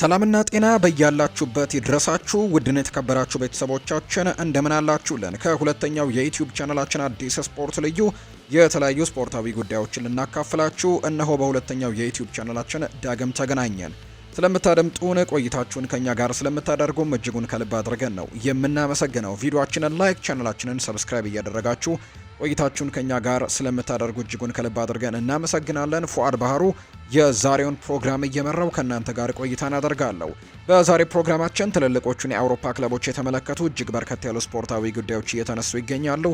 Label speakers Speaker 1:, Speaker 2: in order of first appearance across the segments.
Speaker 1: ሰላምና ጤና በያላችሁበት ይድረሳችሁ። ውድን የተከበራችሁ ቤተሰቦቻችን እንደምን አላችሁልን? ከሁለተኛው የዩትዩብ ቻናላችን አዲስ ስፖርት ልዩ የተለያዩ ስፖርታዊ ጉዳዮችን ልናካፍላችሁ እነሆ በሁለተኛው የዩትዩብ ቻናላችን ዳግም ተገናኘን። ስለምታደምጡን ቆይታችሁን ከኛ ጋር ስለምታደርጉም እጅጉን ከልብ አድርገን ነው የምናመሰግነው። ቪዲዮችንን ላይክ፣ ቻናላችንን ሰብስክራይብ እያደረጋችሁ ቆይታችሁን ከኛ ጋር ስለምታደርጉ እጅጉን ከልብ አድርገን እናመሰግናለን። ፉአድ ባህሩ የዛሬውን ፕሮግራም እየመራው ከእናንተ ጋር ቆይታን አደርጋለሁ። በዛሬ ፕሮግራማችን ትልልቆቹን የአውሮፓ ክለቦች የተመለከቱ እጅግ በርከት ያሉ ስፖርታዊ ጉዳዮች እየተነሱ ይገኛሉ።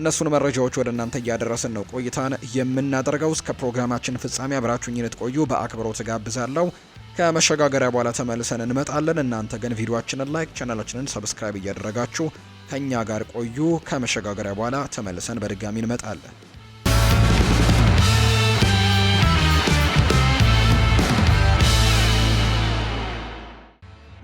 Speaker 1: እነሱን መረጃዎች ወደ እናንተ እያደረስን ነው ቆይታን የምናደርገው። እስከ ፕሮግራማችን ፍጻሜ አብራችሁኝ ልትቆዩ በአክብሮት ጋብዛለሁ። ከመሸጋገሪያ በኋላ ተመልሰን እንመጣለን። እናንተ ግን ቪዲዮችንን ላይክ፣ ቻናላችንን ሰብስክራይብ እያደረጋችሁ ከእኛ ጋር ቆዩ። ከመሸጋገሪያ በኋላ ተመልሰን በድጋሚ እንመጣለን።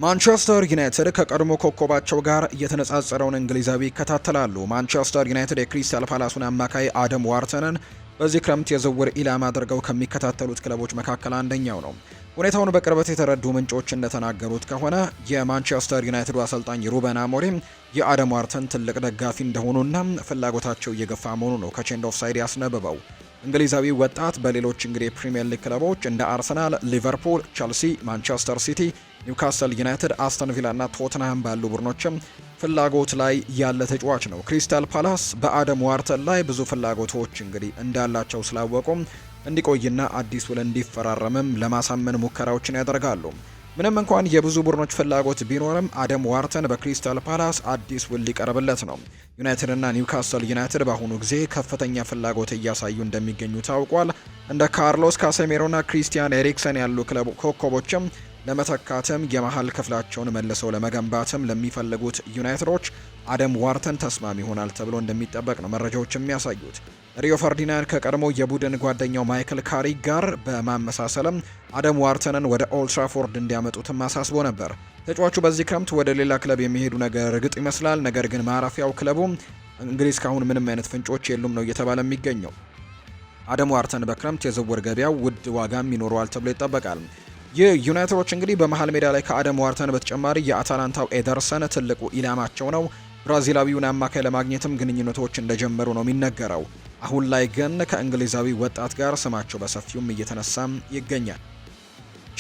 Speaker 1: ማንቸስተር ዩናይትድ ከቀድሞ ኮከባቸው ጋር እየተነጻጸረውን እንግሊዛዊ ይከታተላሉ። ማንቸስተር ዩናይትድ የክሪስታል ፓላሱን አማካይ አደም ዋርተንን በዚህ ክረምት የዝውውር ኢላማ አድርገው ከሚከታተሉት ክለቦች መካከል አንደኛው ነው። ሁኔታውን በቅርበት የተረዱ ምንጮች እንደተናገሩት ከሆነ የማንቸስተር ዩናይትድ አሰልጣኝ ሩበን አሞሪም የአደም ዋርተን ትልቅ ደጋፊ እንደሆኑና ፍላጎታቸው እየገፋ መሆኑ ነው ከቼንድ ኦፍ ሳይድ ያስነብበው። እንግሊዛዊ ወጣት በሌሎች እንግዲህ የፕሪምየር ሊግ ክለቦች እንደ አርሰናል፣ ሊቨርፑል፣ ቸልሲ፣ ማንቸስተር ሲቲ፣ ኒውካስል ዩናይትድ፣ አስተን ቪላ እና ቶትንሃም ባሉ ቡድኖችም ፍላጎት ላይ ያለ ተጫዋች ነው። ክሪስታል ፓላስ በአደም ዋርተን ላይ ብዙ ፍላጎቶች እንግዲህ እንዳላቸው ስላወቁም እንዲቆይና አዲስ ውል እንዲፈራረምም ለማሳመን ሙከራዎችን ያደርጋሉ። ምንም እንኳን የብዙ ቡድኖች ፍላጎት ቢኖርም አደም ዋርተን በክሪስታል ፓላስ አዲስ ውል ሊቀርብለት ነው። ዩናይትድና ኒውካስል ዩናይትድ በአሁኑ ጊዜ ከፍተኛ ፍላጎት እያሳዩ እንደሚገኙ ታውቋል። እንደ ካርሎስ ካሴሜሮና ክሪስቲያን ኤሪክሰን ያሉ ክለብ ኮከቦችም ለመተካትም የመሀል ክፍላቸውን መልሰው ለመገንባትም ለሚፈልጉት ዩናይትዶች አደም ዋርተን ተስማሚ ይሆናል ተብሎ እንደሚጠበቅ ነው መረጃዎች የሚያሳዩት። ሪዮ ፈርዲናንድ ከቀድሞ የቡድን ጓደኛው ማይክል ካሪ ጋር በማመሳሰልም አደም ዋርተንን ወደ ኦልትራፎርድ እንዲያመጡትም አሳስቦ ነበር። ተጫዋቹ በዚህ ክረምት ወደ ሌላ ክለብ የሚሄዱ ነገር እርግጥ ይመስላል። ነገር ግን ማረፊያው ክለቡ እንግሊዝ ካሁን ምንም አይነት ፍንጮች የሉም ነው እየተባለ የሚገኘው። አደም ዋርተን በክረምት የዝውውር ገበያው ውድ ዋጋም ይኖረዋል ተብሎ ይጠበቃል። ዩናይትዶች እንግዲህ በመሀል ሜዳ ላይ ከአደም ዋርተን በተጨማሪ የአታላንታው ኤደርሰን ትልቁ ኢላማቸው ነው። ብራዚላዊውን አማካይ ለማግኘትም ግንኙነቶች እንደጀመሩ ነው የሚነገረው። አሁን ላይ ግን ከእንግሊዛዊ ወጣት ጋር ስማቸው በሰፊውም እየተነሳም ይገኛል።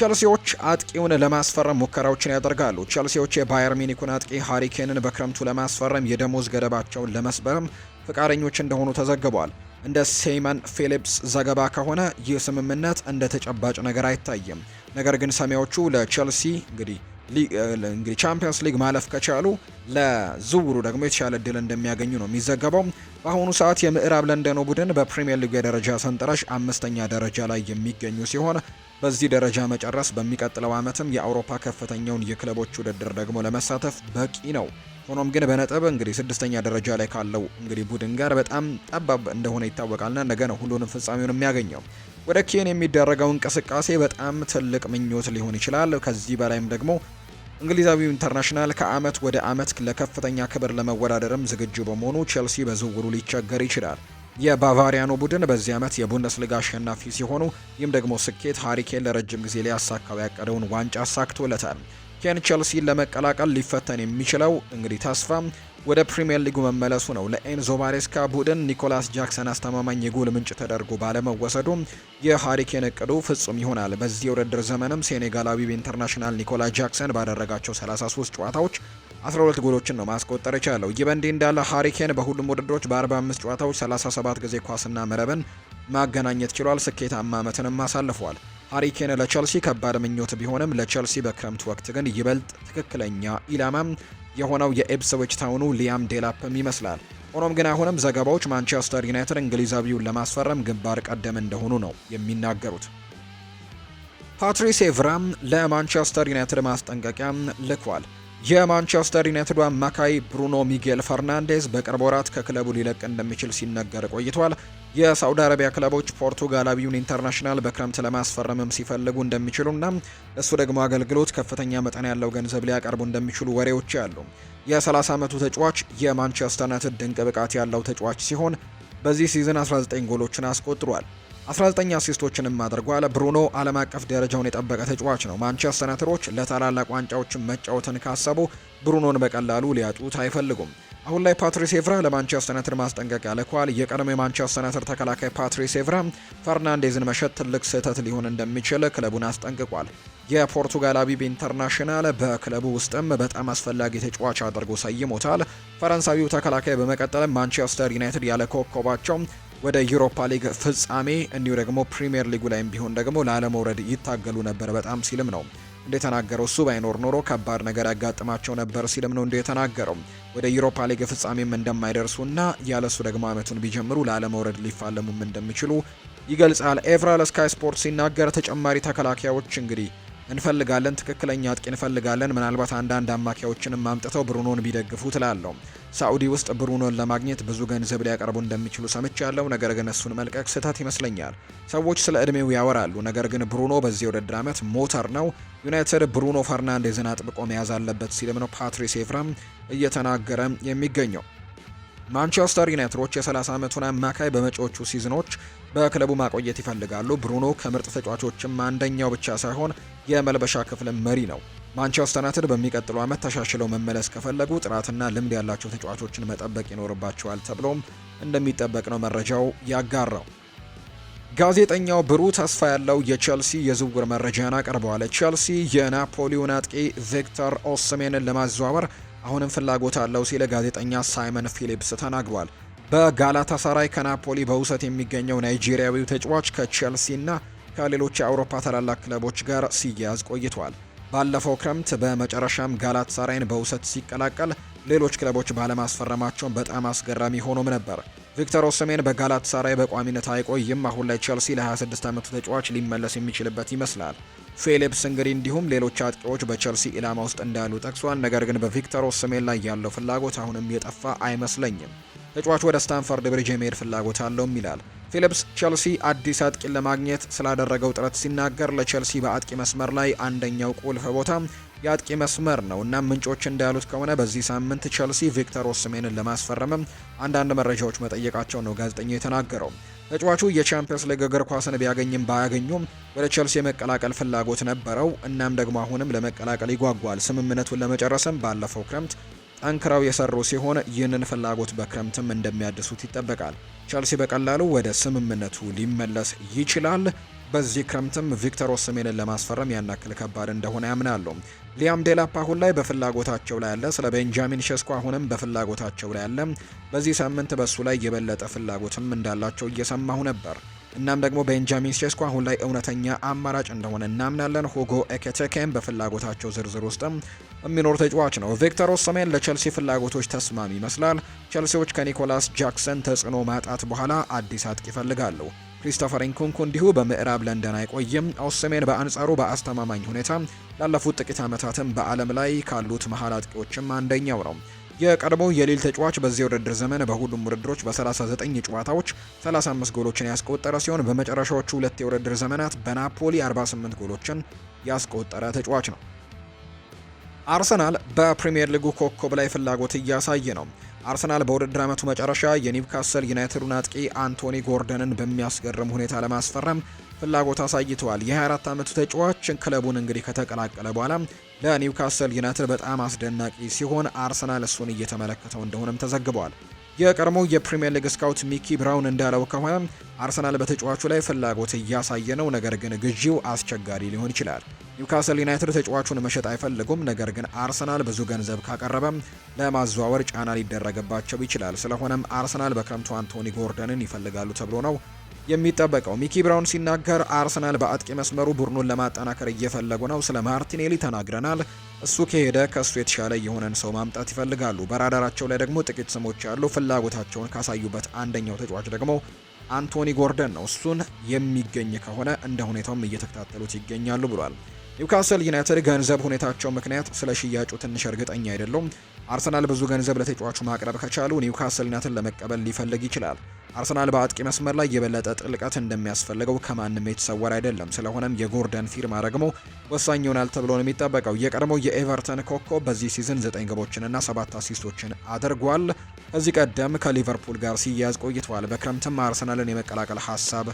Speaker 1: ቸልሲዎች አጥቂውን ለማስፈረም ሙከራዎችን ያደርጋሉ። ቸልሲዎች የባየር ሚኒኩን አጥቂ ሃሪኬንን በክረምቱ ለማስፈረም የደሞዝ ገደባቸውን ለመስበርም ፈቃደኞች እንደሆኑ ተዘግቧል። እንደ ሴይመን ፊሊፕስ ዘገባ ከሆነ ይህ ስምምነት እንደ ተጨባጭ ነገር አይታይም። ነገር ግን ሰሚያዎቹ ለቸልሲ እንግዲህ እንግዲህ ቻምፒየንስ ሊግ ማለፍ ከቻሉ ለዝውሩ ደግሞ የተሻለ እድል እንደሚያገኙ ነው የሚዘገበው። በአሁኑ ሰዓት የምዕራብ ለንደኑ ቡድን በፕሪምየር ሊግ የደረጃ ሰንጠረዥ አምስተኛ ደረጃ ላይ የሚገኙ ሲሆን በዚህ ደረጃ መጨረስ በሚቀጥለው ዓመትም የአውሮፓ ከፍተኛውን የክለቦች ውድድር ደግሞ ለመሳተፍ በቂ ነው። ሆኖም ግን በነጥብ እንግዲህ ስድስተኛ ደረጃ ላይ ካለው እንግዲህ ቡድን ጋር በጣም ጠባብ እንደሆነ ይታወቃልና ነገ ነው ሁሉንም ፍጻሜውን የሚያገኘው። ወደ ኬን የሚደረገው እንቅስቃሴ በጣም ትልቅ ምኞት ሊሆን ይችላል። ከዚህ በላይም ደግሞ እንግሊዛዊው ኢንተርናሽናል ከአመት ወደ አመት ለከፍተኛ ክብር ለመወዳደርም ዝግጁ በመሆኑ ቼልሲ በዝውውሩ ሊቸገር ይችላል። የባቫሪያኖ ቡድን በዚህ ዓመት የቡንደስሊጋ አሸናፊ ሲሆኑ ይህም ደግሞ ስኬት ሃሪኬን ለረጅም ጊዜ ሊያሳካው ያቀደውን ዋንጫ አሳክቶለታል። ኬን ቸልሲ ለመቀላቀል ሊፈተን የሚችለው እንግዲህ ተስፋ ወደ ፕሪምየር ሊጉ መመለሱ ነው። ለኤንዞ ባሬስካ ቡድን ኒኮላስ ጃክሰን አስተማማኝ የጎል ምንጭ ተደርጎ ባለመወሰዱ የሃሪኬን እቅዱ ፍጹም ይሆናል። በዚህ የውድድር ዘመንም ሴኔጋላዊው ኢንተርናሽናል ኒኮላስ ጃክሰን ባደረጋቸው 33 ጨዋታዎች 12 ጎሎችን ነው ማስቆጠር የቻለው። ይህ በእንዲህ እንዳለ ሃሪኬን በሁሉም ውድድሮች በ45 ጨዋታዎች 37 ጊዜ ኳስና መረብን ማገናኘት ችሏል። ስኬታማ ዓመትንም አሳልፏል። ሃሪኬን ለቸልሲ ከባድ ምኞት ቢሆንም ለቸልሲ በክረምት ወቅት ግን ይበልጥ ትክክለኛ ኢላማም የሆነው የኤፕስዊች ታውኑ ሊያም ዴላፕም ይመስላል። ሆኖም ግን አሁንም ዘገባዎች ማንቸስተር ዩናይትድ እንግሊዛዊውን ለማስፈረም ግንባር ቀደም እንደሆኑ ነው የሚናገሩት። ፓትሪስ ኤቭራም ለማንቸስተር ዩናይትድ ማስጠንቀቂያ ልኳል። የማንቸስተር ዩናይትድ አማካይ ብሩኖ ሚጌል ፈርናንዴዝ በቅርብ ወራት ከክለቡ ሊለቅ እንደሚችል ሲነገር ቆይቷል። የሳውዲ አረቢያ ክለቦች ፖርቱጋላዊውን ኢንተርናሽናል በክረምት ለማስፈረምም ሲፈልጉ እንደሚችሉና እሱ ደግሞ አገልግሎት ከፍተኛ መጠን ያለው ገንዘብ ሊያቀርቡ እንደሚችሉ ወሬዎች አሉ። የ30 ዓመቱ ተጫዋች የማንቸስተር ዩናይትድ ድንቅ ብቃት ያለው ተጫዋች ሲሆን በዚህ ሲዝን 19 ጎሎችን አስቆጥሯል። 19 አሲስቶችንም አድርጓል። ብሩኖ ዓለም አቀፍ ደረጃውን የጠበቀ ተጫዋች ነው። ማንቸስተር ነትሮች ለታላላቅ ዋንጫዎችን መጫወትን ካሰቡ ብሩኖን በቀላሉ ሊያጡት አይፈልጉም። አሁን ላይ ፓትሪስ ኤቭራ ለማንቸስተር ዩናይትድ ማስጠንቀቂያ ልኳል። የቀድሞ የማንቸስተር ዩናይትድ ተከላካይ ፓትሪስ ኤቭራ ፈርናንዴዝን መሸጥ ትልቅ ስህተት ሊሆን እንደሚችል ክለቡን አስጠንቅቋል። የፖርቱጋላዊ ኢንተርናሽናል በክለቡ ውስጥም በጣም አስፈላጊ ተጫዋች አድርጎ ሰይሞታል። ፈረንሳዊው ተከላካይ በመቀጠልም ማንቸስተር ዩናይትድ ያለ ኮከባቸው ወደ ዩሮፓ ሊግ ፍጻሜ እንዲሁ ደግሞ ፕሪምየር ሊጉ ላይም ቢሆን ደግሞ ላለመውረድ ይታገሉ ነበር በጣም ሲልም ነው እንደተናገረው እሱ ባይኖር ኖሮ ከባድ ነገር ያጋጥማቸው ነበር ሲልም ነው እንደተናገረው ወደ ዩሮፓ ሊግ ፍጻሜም እንደማይደርሱና ያለሱ ደግሞ አመቱን ቢጀምሩ ላለመውረድ ሊፋለሙም እንደሚችሉ ይገልጻል። ኤቭራ ለስካይ ስፖርት ሲናገር ተጨማሪ ተከላካዮች እንግዲህ እንፈልጋለን፣ ትክክለኛ አጥቂ እንፈልጋለን። ምናልባት አንዳንድ አማካዮችንም ማምጥተው ብሩኖን ቢደግፉ ትላለው። ሳዑዲ ውስጥ ብሩኖን ለማግኘት ብዙ ገንዘብ ሊያቀርቡ እንደሚችሉ ሰምቻለሁ፣ ነገር ግን እሱን መልቀቅ ስህተት ይመስለኛል። ሰዎች ስለ እድሜው ያወራሉ፣ ነገር ግን ብሩኖ በዚህ ውድድር ዓመት ሞተር ነው። ዩናይትድ ብሩኖ ፈርናንዴዝን አጥብቆ መያዝ አለበት ሲልም ነው ፓትሪስ ኤቭራም እየተናገረ የሚገኘው። ማንቸስተር ዩናይትዶች የ30 ዓመቱን አማካይ በመጪዎቹ ሲዝኖች በክለቡ ማቆየት ይፈልጋሉ። ብሩኖ ከምርጥ ተጫዋቾችም አንደኛው ብቻ ሳይሆን የመልበሻ ክፍል መሪ ነው። ማንቸስተር ዩናይትድ በሚቀጥለው ዓመት ተሻሽለው መመለስ ከፈለጉ ጥራትና ልምድ ያላቸው ተጫዋቾችን መጠበቅ ይኖርባቸዋል ተብሎም እንደሚጠበቅ ነው መረጃው ያጋራው። ጋዜጠኛው ብሩህ ተስፋ ያለው የቼልሲ የዝውውር መረጃን አቀርበዋል ቼልሲ የናፖሊዮን አጥቂ ቪክተር ኦስሜንን ለማዘዋወር አሁንም ፍላጎት አለው ሲል ጋዜጠኛ ሳይመን ፊሊፕስ ተናግሯል። በጋላታሳራይ ከናፖሊ በውሰት የሚገኘው ናይጄሪያዊው ተጫዋች ከቼልሲና ከሌሎች የአውሮፓ ታላላቅ ክለቦች ጋር ሲያያዝ ቆይቷል። ባለፈው ክረምት በመጨረሻም ጋላት ሳራይን በውሰት ሲቀላቀል ሌሎች ክለቦች ባለማስፈረማቸውን በጣም አስገራሚ ሆኖም ነበር። ቪክተር ኦሰሜን በጋላት ሳራይ በቋሚነት አይቆይም። አሁን ላይ ቼልሲ ለ26 ዓመቱ ተጫዋች ሊመለስ የሚችልበት ይመስላል። ፊሊፕስ እንግዲህ እንዲሁም ሌሎች አጥቂዎች በቸልሲ ኢላማ ውስጥ እንዳሉ ጠቅሷል። ነገር ግን በቪክተር ኦስሜን ላይ ያለው ፍላጎት አሁንም የጠፋ አይመስለኝም። ተጫዋቹ ወደ ስታንፈርድ ብሪጅ የመሄድ ፍላጎት አለውም ይላል ፊሊፕስ። ቸልሲ አዲስ አጥቂን ለማግኘት ስላደረገው ጥረት ሲናገር ለቸልሲ በአጥቂ መስመር ላይ አንደኛው ቁልፍ ቦታ የአጥቂ መስመር ነው እና ምንጮች እንዳሉት ከሆነ በዚህ ሳምንት ቸልሲ ቪክተር ኦስሜንን ለማስፈረምም አንዳንድ መረጃዎች መጠየቃቸው ነው ጋዜጠኛው የተናገረው። ተጫዋቹ የቻምፒየንስ ሊግ እግር ኳስን ቢያገኝም ባያገኙም ወደ ቼልሲ የመቀላቀል ፍላጎት ነበረው። እናም ደግሞ አሁንም ለመቀላቀል ይጓጓል። ስምምነቱን ለመጨረስም ባለፈው ክረምት ጠንክረው የሰሩ ሲሆን ይህንን ፍላጎት በክረምትም እንደሚያድሱት ይጠበቃል። ቼልሲ በቀላሉ ወደ ስምምነቱ ሊመለስ ይችላል። በዚህ ክረምትም ቪክተር ኦስሜንን ለማስፈረም ያን ከባድ እንደሆነ ያምናሉ። ሊያም ዴላፕ አሁን ላይ በፍላጎታቸው ላይ አለ። ስለ ቤንጃሚን ሸስኮ አሁንም በፍላጎታቸው ላይ አለ በዚህ ሳምንት በሱ ላይ የበለጠ ፍላጎትም እንዳላቸው እየሰማሁ ነበር። እናም ደግሞ ቤንጃሚን ሸስኮ አሁን ላይ እውነተኛ አማራጭ እንደሆነ እናምናለን። ሁጎ ኤኬቴኬም በፍላጎታቸው ዝርዝር ውስጥም የሚኖር ተጫዋች ነው። ቪክተር ኦሰሜን ለቸልሲ ፍላጎቶች ተስማሚ ይመስላል። ቸልሲዎች ከኒኮላስ ጃክሰን ተጽዕኖ ማጣት በኋላ አዲስ አጥቂ ይፈልጋሉ። ክሪስቶፈር ኢንኩንኩ እንዲሁ በምዕራብ ለንደን አይቆይም። ኦሰሜን በአንጻሩ በአስተማማኝ ሁኔታ ላለፉት ጥቂት ዓመታትም በዓለም ላይ ካሉት መሀል አጥቂዎችም አንደኛው ነው። የቀድሞ የሊል ተጫዋች በዚህ ውድድር ዘመን በሁሉም ውድድሮች በ39 ጨዋታዎች 35 ጎሎችን ያስቆጠረ ሲሆን በመጨረሻዎቹ ሁለት የውድድር ዘመናት በናፖሊ 48 ጎሎችን ያስቆጠረ ተጫዋች ነው። አርሰናል በፕሪምየር ሊጉ ኮከብ ላይ ፍላጎት እያሳየ ነው። አርሰናል በውድድር ዓመቱ መጨረሻ የኒውካስል ዩናይትዱን አጥቂ አንቶኒ ጎርደንን በሚያስገርም ሁኔታ ለማስፈረም ፍላጎት አሳይተዋል። የ24 ዓመቱ ተጫዋች ክለቡን እንግዲህ ከተቀላቀለ በኋላ ለኒውካስል ዩናይትድ በጣም አስደናቂ ሲሆን አርሰናል እሱን እየተመለከተው እንደሆነም ተዘግበዋል። የቀድሞ የፕሪምየር ሊግ ስካውት ሚኪ ብራውን እንዳለው ከሆነ አርሰናል በተጫዋቹ ላይ ፍላጎት እያሳየ ነው፣ ነገር ግን ግዢው አስቸጋሪ ሊሆን ይችላል። ኒውካስል ዩናይትድ ተጫዋቹን መሸጥ አይፈልጉም። ነገር ግን አርሰናል ብዙ ገንዘብ ካቀረበም ለማዘዋወር ጫና ሊደረግባቸው ይችላል። ስለሆነም አርሰናል በክረምቱ አንቶኒ ጎርደንን ይፈልጋሉ ተብሎ ነው የሚጠበቀው። ሚኪ ብራውን ሲናገር አርሰናል በአጥቂ መስመሩ ቡድኑን ለማጠናከር እየፈለጉ ነው። ስለ ማርቲኔሊ ተናግረናል። እሱ ከሄደ ከእሱ የተሻለ የሆነን ሰው ማምጣት ይፈልጋሉ። በራዳራቸው ላይ ደግሞ ጥቂት ስሞች ያሉ ፍላጎታቸውን ካሳዩበት አንደኛው ተጫዋች ደግሞ አንቶኒ ጎርደን ነው። እሱን የሚገኝ ከሆነ እንደ ሁኔታውም እየተከታተሉት ይገኛሉ ብሏል። ኒውካስል ዩናይትድ ገንዘብ ሁኔታቸው ምክንያት ስለ ሽያጩ ትንሽ እርግጠኛ አይደሉም። አርሰናል ብዙ ገንዘብ ለተጫዋቹ ማቅረብ ከቻሉ ኒውካስል ዩናይትድ ለመቀበል ሊፈልግ ይችላል። አርሰናል በአጥቂ መስመር ላይ የበለጠ ጥልቀት እንደሚያስፈልገው ከማንም የተሰወረ አይደለም። ስለሆነም የጎርደን ፊርማ ደግሞ ወሳኝ ይሆናል ተብሎ ነው የሚጠበቀው። የቀድሞው የኤቨርተን ኮኮ በዚህ ሲዝን ዘጠኝ ግቦችንና ሰባት አሲስቶችን አድርጓል። ከዚህ ቀደም ከሊቨርፑል ጋር ሲያያዝ ቆይቷል። በክረምትም አርሰናልን የመቀላቀል ሀሳብ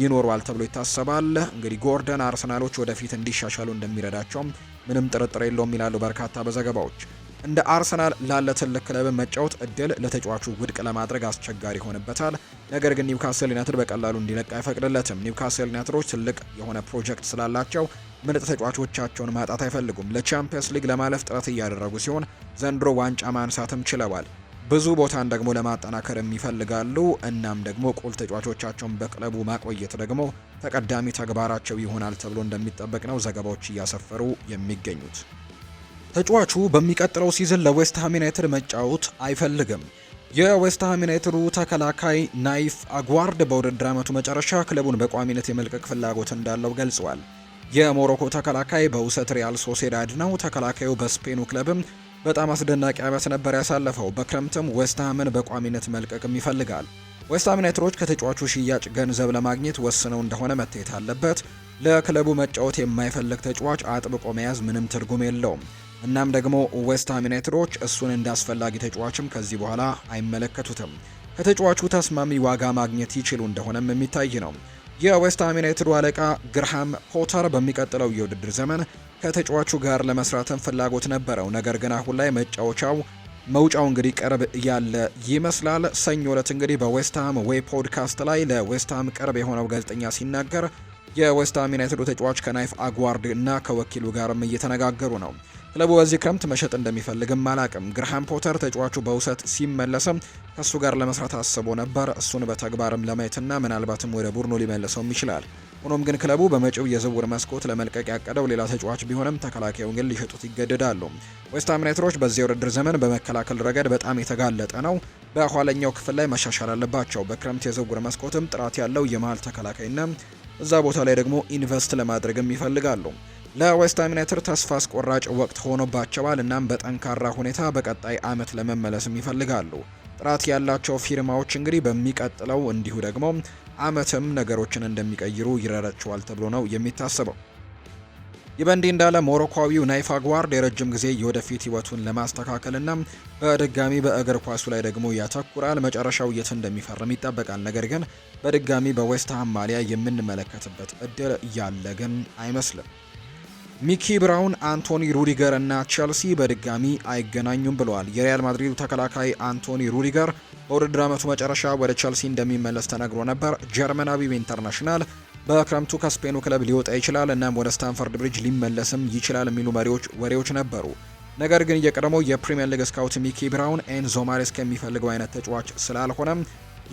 Speaker 1: ይኖረዋል ተብሎ ይታሰባል። እንግዲህ ጎርደን አርሰናሎች ወደፊት እንዲሻሻሉ እንደሚረዳቸውም ምንም ጥርጥር የለውም ይላሉ በርካታ በዘገባዎች። እንደ አርሰናል ላለ ትልቅ ክለብ መጫወት እድል ለተጫዋቹ ውድቅ ለማድረግ አስቸጋሪ ይሆንበታል። ነገር ግን ኒውካስል ዩናይትድ በቀላሉ እንዲለቅ አይፈቅድለትም። ኒውካስል ዩናይትዶች ትልቅ የሆነ ፕሮጀክት ስላላቸው ምርጥ ተጫዋቾቻቸውን ማጣት አይፈልጉም። ለቻምፒየንስ ሊግ ለማለፍ ጥረት እያደረጉ ሲሆን ዘንድሮ ዋንጫ ማንሳትም ችለዋል። ብዙ ቦታን ደግሞ ለማጠናከር የሚፈልጋሉ። እናም ደግሞ ቁል ተጫዋቾቻቸውን በክለቡ ማቆየት ደግሞ ተቀዳሚ ተግባራቸው ይሆናል ተብሎ እንደሚጠበቅ ነው ዘገባዎች እያሰፈሩ የሚገኙት። ተጫዋቹ በሚቀጥለው ሲዝን ለዌስትሃም ዩናይትድ መጫወት አይፈልግም። የዌስትሃም ዩናይትዱ ተከላካይ ናይፍ አጓርድ በውድድር ዓመቱ መጨረሻ ክለቡን በቋሚነት የመልቀቅ ፍላጎት እንዳለው ገልጿል። የሞሮኮ ተከላካይ በውሰት ሪያል ሶሴዳድ ነው። ተከላካዩ በስፔኑ ክለብም በጣም አስደናቂ ዓመት ነበር ያሳለፈው። በክረምትም ዌስትሃምን በቋሚነት መልቀቅም ይፈልጋል። ዌስትሃም ዩናይትዶች ከተጫዋቹ ሽያጭ ገንዘብ ለማግኘት ወስነው እንደሆነ መታየት አለበት። ለክለቡ መጫወት የማይፈልግ ተጫዋች አጥብቆ መያዝ ምንም ትርጉም የለውም። እናም ደግሞ ዌስትሃም ዩናይትዶች እሱን እንዳስፈላጊ ተጫዋችም ከዚህ በኋላ አይመለከቱትም። ከተጫዋቹ ተስማሚ ዋጋ ማግኘት ይችሉ እንደሆነም የሚታይ ነው። የዌስትሃም ዩናይትድ አለቃ ግርሃም ፖተር በሚቀጥለው የውድድር ዘመን ከተጫዋቹ ጋር ለመስራትም ፍላጎት ነበረው። ነገር ግን አሁን ላይ መጫወቻው መውጫው እንግዲህ ቅርብ ያለ ይመስላል። ሰኞ ዕለት እንግዲህ በዌስትሃም ዌይ ፖድካስት ላይ ለዌስትሃም ቅርብ የሆነው ጋዜጠኛ ሲናገር የዌስትሃም ዩናይትዱ ተጫዋች ከናይፍ አጓርድ እና ከወኪሉ ጋርም እየተነጋገሩ ነው። ክለቡ በዚህ ክረምት መሸጥ እንደሚፈልግም አላቅም። ግርሃም ፖተር ተጫዋቹ በውሰት ሲመለስም ከእሱ ጋር ለመስራት አስቦ ነበር። እሱን በተግባርም ለማየትና ምናልባትም ወደ ቡድኑ ሊመልሰውም ይችላል። ሆኖም ግን ክለቡ በመጪው የዝውውር መስኮት ለመልቀቅ ያቀደው ሌላ ተጫዋች ቢሆንም ተከላካዩን ግን ሊሸጡት ይገደዳሉ። ዌስትሃም ዩናይትዶች በዚህ ውድድር ዘመን በመከላከል ረገድ በጣም የተጋለጠ ነው። በኋለኛው ክፍል ላይ መሻሻል አለባቸው። በክረምት የዝውውር መስኮትም ጥራት ያለው የመሃል ተከላካይና እዛ ቦታ ላይ ደግሞ ኢንቨስት ለማድረግም ይፈልጋሉ። ለዌስትሃም ዩናይትድ ተስፋ አስቆራጭ ወቅት ሆኖባቸዋል። እናም በጠንካራ ሁኔታ በቀጣይ አመት ለመመለስም ይፈልጋሉ። ጥራት ያላቸው ፊርማዎች እንግዲህ በሚቀጥለው እንዲሁ ደግሞ አመትም ነገሮችን እንደሚቀይሩ ይረዳቸዋል ተብሎ ነው የሚታሰበው። ይህ በእንዲህ እንዳለ ሞሮኳዊው ናይፍ አግዋርድ የረጅም ጊዜ የወደፊት ህይወቱን ለማስተካከልና በድጋሚ በእግር ኳሱ ላይ ደግሞ ያተኩራል። መጨረሻው የት እንደሚፈርም ይጠበቃል። ነገር ግን በድጋሚ በዌስትሃም ማሊያ የምንመለከትበት እድል ያለ ግን አይመስልም። ሚኪ ብራውን፣ አንቶኒ ሩዲገር እና ቼልሲ በድጋሚ አይገናኙም ብለዋል። የሪያል ማድሪዱ ተከላካይ አንቶኒ ሩዲገር በውድድር ዓመቱ መጨረሻ ወደ ቼልሲ እንደሚመለስ ተነግሮ ነበር። ጀርመናዊው ኢንተርናሽናል በክረምቱ ከስፔኑ ክለብ ሊወጣ ይችላል እናም ወደ ስታንፈርድ ብሪጅ ሊመለስም ይችላል የሚሉ መሪዎች ወሬዎች ነበሩ። ነገር ግን የቀድሞው የፕሪምየር ሊግ ስካውት ሚኪ ብራውን ኤንዞ ማሬስካ የሚፈልገው አይነት ተጫዋች ስላልሆነም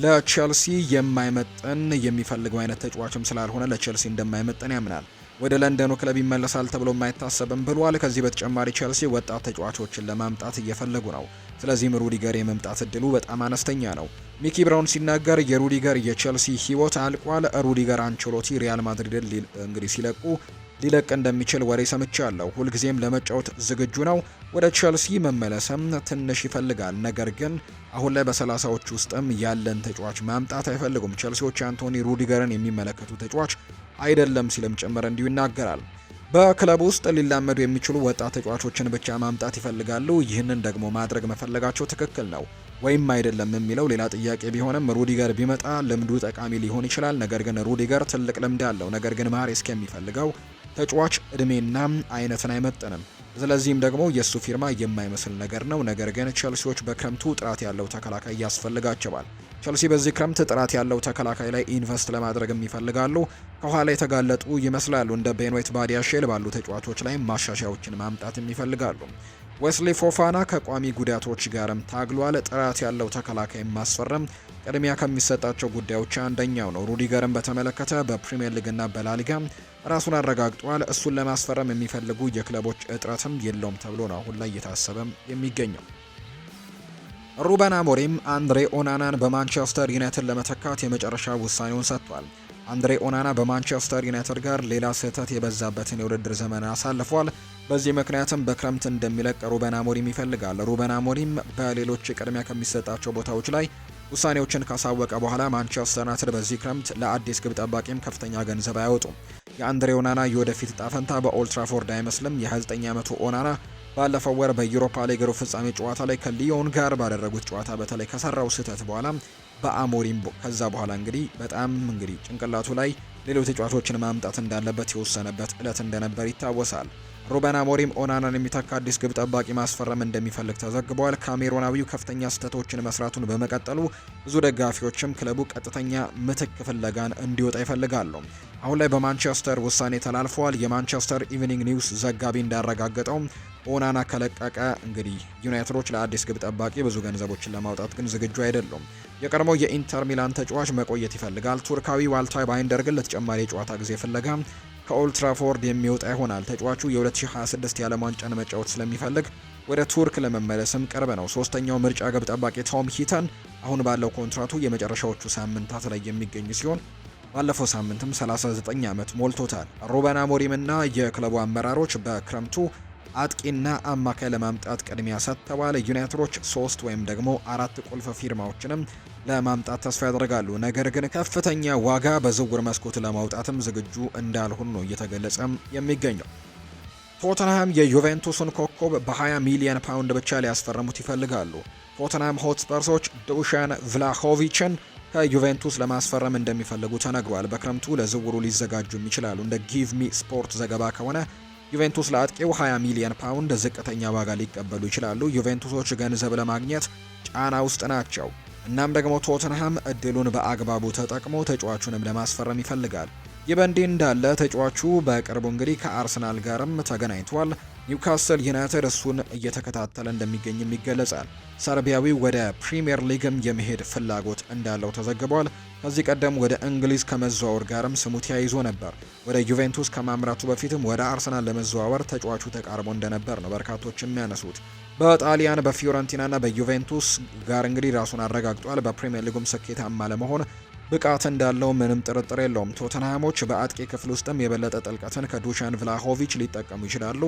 Speaker 1: ለቼልሲ የማይመጥን የሚፈልገው አይነት ተጫዋችም ስላልሆነ ለቼልሲ እንደማይመጥን ያምናል። ወደ ለንደኑ ክለብ ይመለሳል ተብሎ የማይታሰብም ብሏል። ከዚህ በተጨማሪ ቸልሲ ወጣት ተጫዋቾችን ለማምጣት እየፈለጉ ነው። ስለዚህም ሩዲገር የመምጣት እድሉ በጣም አነስተኛ ነው። ሚኪ ብራውን ሲናገር የሩዲገር የቸልሲ ህይወት አልቋል። ሩዲገር አንቸሎቲ ሪያል ማድሪድን እንግዲህ ሲለቁ ሊለቅ እንደሚችል ወሬ ሰምቻለሁ። ሁልጊዜም ለመጫወት ዝግጁ ነው። ወደ ቼልሲ መመለስም ትንሽ ይፈልጋል። ነገር ግን አሁን ላይ በሰላሳዎች ውስጥም ያለን ተጫዋች ማምጣት አይፈልጉም። ቼልሲዎች አንቶኒ ሩዲገርን የሚመለከቱ ተጫዋች አይደለም ሲልም ጭምር እንዲሁ ይናገራል። በክለብ ውስጥ ሊላመዱ የሚችሉ ወጣት ተጫዋቾችን ብቻ ማምጣት ይፈልጋሉ። ይህንን ደግሞ ማድረግ መፈለጋቸው ትክክል ነው ወይም አይደለም የሚለው ሌላ ጥያቄ ቢሆንም ሩዲገር ቢመጣ ልምዱ ጠቃሚ ሊሆን ይችላል። ነገር ግን ሩዲገር ትልቅ ልምድ አለው። ነገር ግን ማሬስካ የሚፈልገው ተጫዋች እድሜና አይነትን አይመጥንም። ስለዚህም ደግሞ የእሱ ፊርማ የማይመስል ነገር ነው። ነገር ግን ቸልሲዎች በክረምቱ ጥራት ያለው ተከላካይ ያስፈልጋቸዋል። ቸልሲ በዚህ ክረምት ጥራት ያለው ተከላካይ ላይ ኢንቨስት ለማድረግም ይፈልጋሉ። ከኋላ የተጋለጡ ይመስላሉ። እንደ ቤንዌት ባዲያሼል ባሉ ተጫዋቾች ላይ ማሻሻያዎችን ማምጣትም ይፈልጋሉ። ዌስሊ ፎፋና ከቋሚ ጉዳቶች ጋርም ታግሏል። ጥራት ያለው ተከላካይ ማስፈረም ቅድሚያ ከሚሰጣቸው ጉዳዮች አንደኛው ነው። ሩዲገርን በተመለከተ በፕሪምየር ሊግና በላሊጋ ራሱን አረጋግጧል። እሱን ለማስፈረም የሚፈልጉ የክለቦች እጥረትም የለውም ተብሎ ነው አሁን ላይ እየታሰበም የሚገኘው። ሩበን አሞሪም አንድሬ ኦናናን በማንቸስተር ዩናይትድ ለመተካት የመጨረሻ ውሳኔውን ሰጥቷል። አንድሬ ኦናና በማንቸስተር ዩናይትድ ጋር ሌላ ስህተት የበዛበትን የውድድር ዘመን አሳልፏል። በዚህ ምክንያትም በክረምት እንደሚለቅ ሩበን አሞሪም ይፈልጋል። ሩበን አሞሪም በሌሎች ቅድሚያ ከሚሰጣቸው ቦታዎች ላይ ውሳኔዎችን ካሳወቀ በኋላ ማንቸስተር ዩናይትድ በዚህ ክረምት ለአዲስ ግብ ጠባቂም ከፍተኛ ገንዘብ አያወጡም። የአንድሬ ኦናና የወደፊት ጣፈንታ በኦልትራፎርድ አይመስልም። የ29 ዓመቱ ኦናና ባለፈው ወር በዩሮፓ ሊግ ሩብ ፍጻሜ ጨዋታ ላይ ከሊዮን ጋር ባደረጉት ጨዋታ በተለይ ከሰራው ስህተት በኋላ በአሞሪም ከዛ በኋላ እንግዲህ በጣም እንግዲህ ጭንቅላቱ ላይ ሌሎች ተጫዋቾችን ማምጣት እንዳለበት የወሰነበት እለት እንደነበር ይታወሳል። ሩበን አሞሪም ኦናናን የሚተካ አዲስ ግብ ጠባቂ ማስፈረም እንደሚፈልግ ተዘግቧል። ካሜሮናዊው ከፍተኛ ስህተቶችን መስራቱን በመቀጠሉ ብዙ ደጋፊዎችም ክለቡ ቀጥተኛ ምትክ ፍለጋን እንዲወጣ ይፈልጋሉ። አሁን ላይ በማንቸስተር ውሳኔ ተላልፈዋል። የማንቸስተር ኢቭኒንግ ኒውስ ዘጋቢ እንዳረጋገጠው ኦናና ከለቀቀ እንግዲህ ዩናይትዶች ለአዲስ ግብ ጠባቂ ብዙ ገንዘቦችን ለማውጣት ግን ዝግጁ አይደሉም። የቀድሞው የኢንተር ሚላን ተጫዋች መቆየት ይፈልጋል። ቱርካዊ ዋልታይ ባይንደር ግን ለተጨማሪ የጨዋታ ጊዜ ፍለጋ ከኦልትራፎርድ የሚወጣ ይሆናል። ተጫዋቹ የ2026 የዓለም ዋንጫን መጫወት ስለሚፈልግ ወደ ቱርክ ለመመለስም ቅርብ ነው። ሶስተኛው ምርጫ ግብ ጠባቂ ቶም ሂተን አሁን ባለው ኮንትራቱ የመጨረሻዎቹ ሳምንታት ላይ የሚገኝ ሲሆን ባለፈው ሳምንትም 39 ዓመት ሞልቶታል። ሩበን አሞሪምና የክለቡ አመራሮች በክረምቱ አጥቂና አማካይ ለማምጣት ቅድሚያ ሰጥተዋል። ዩናይትዶች ሶስት ወይም ደግሞ አራት ቁልፍ ፊርማዎችንም ለማምጣት ተስፋ ያደርጋሉ። ነገር ግን ከፍተኛ ዋጋ በዝውውር መስኮት ለማውጣትም ዝግጁ እንዳልሆኑ ነው እየተገለጸ የሚገኘው። ቶተንሃም የዩቬንቱስን ኮከብ በ20 ሚሊዮን ፓውንድ ብቻ ሊያስፈርሙት ይፈልጋሉ። ቶተንሃም ሆትስፐርሶች ዱሻን ቭላሆቪችን ከዩቬንቱስ ለማስፈረም እንደሚፈልጉ ተነግሯል። በክረምቱ ለዝውሩ ሊዘጋጁም ይችላሉ። እንደ ጊቭ ሚ ስፖርት ዘገባ ከሆነ ዩቬንቱስ ለአጥቂው 20 ሚሊዮን ፓውንድ ዝቅተኛ ዋጋ ሊቀበሉ ይችላሉ። ዩቬንቱሶች ገንዘብ ለማግኘት ጫና ውስጥ ናቸው። እናም ደግሞ ቶተንሃም እድሉን በአግባቡ ተጠቅሞ ተጫዋቹንም ለማስፈረም ይፈልጋል። ይህ በእንዲህ እንዳለ ተጫዋቹ በቅርቡ እንግዲህ ከአርሰናል ጋርም ተገናኝቷል። ኒውካስል ዩናይትድ እሱን እየተከታተለ እንደሚገኝም ይገለጻል። ሰርቢያዊው ወደ ፕሪምየር ሊግም የመሄድ ፍላጎት እንዳለው ተዘግቧል። ከዚህ ቀደም ወደ እንግሊዝ ከመዘዋወር ጋርም ስሙ ተያይዞ ነበር። ወደ ዩቬንቱስ ከማምራቱ በፊትም ወደ አርሰናል ለመዘዋወር ተጫዋቹ ተቃርቦ እንደነበር ነው በርካቶች የሚያነሱት። በጣሊያን በፊዮረንቲናና በዩቬንቱስ ጋር እንግዲህ ራሱን አረጋግጧል። በፕሪምየር ሊጉም ስኬታማ ለመሆን ብቃት እንዳለው ምንም ጥርጥር የለውም። ቶተንሃሞች በአጥቂ ክፍል ውስጥም የበለጠ ጥልቀትን ከዱሻን ቭላሆቪች ሊጠቀሙ ይችላሉ።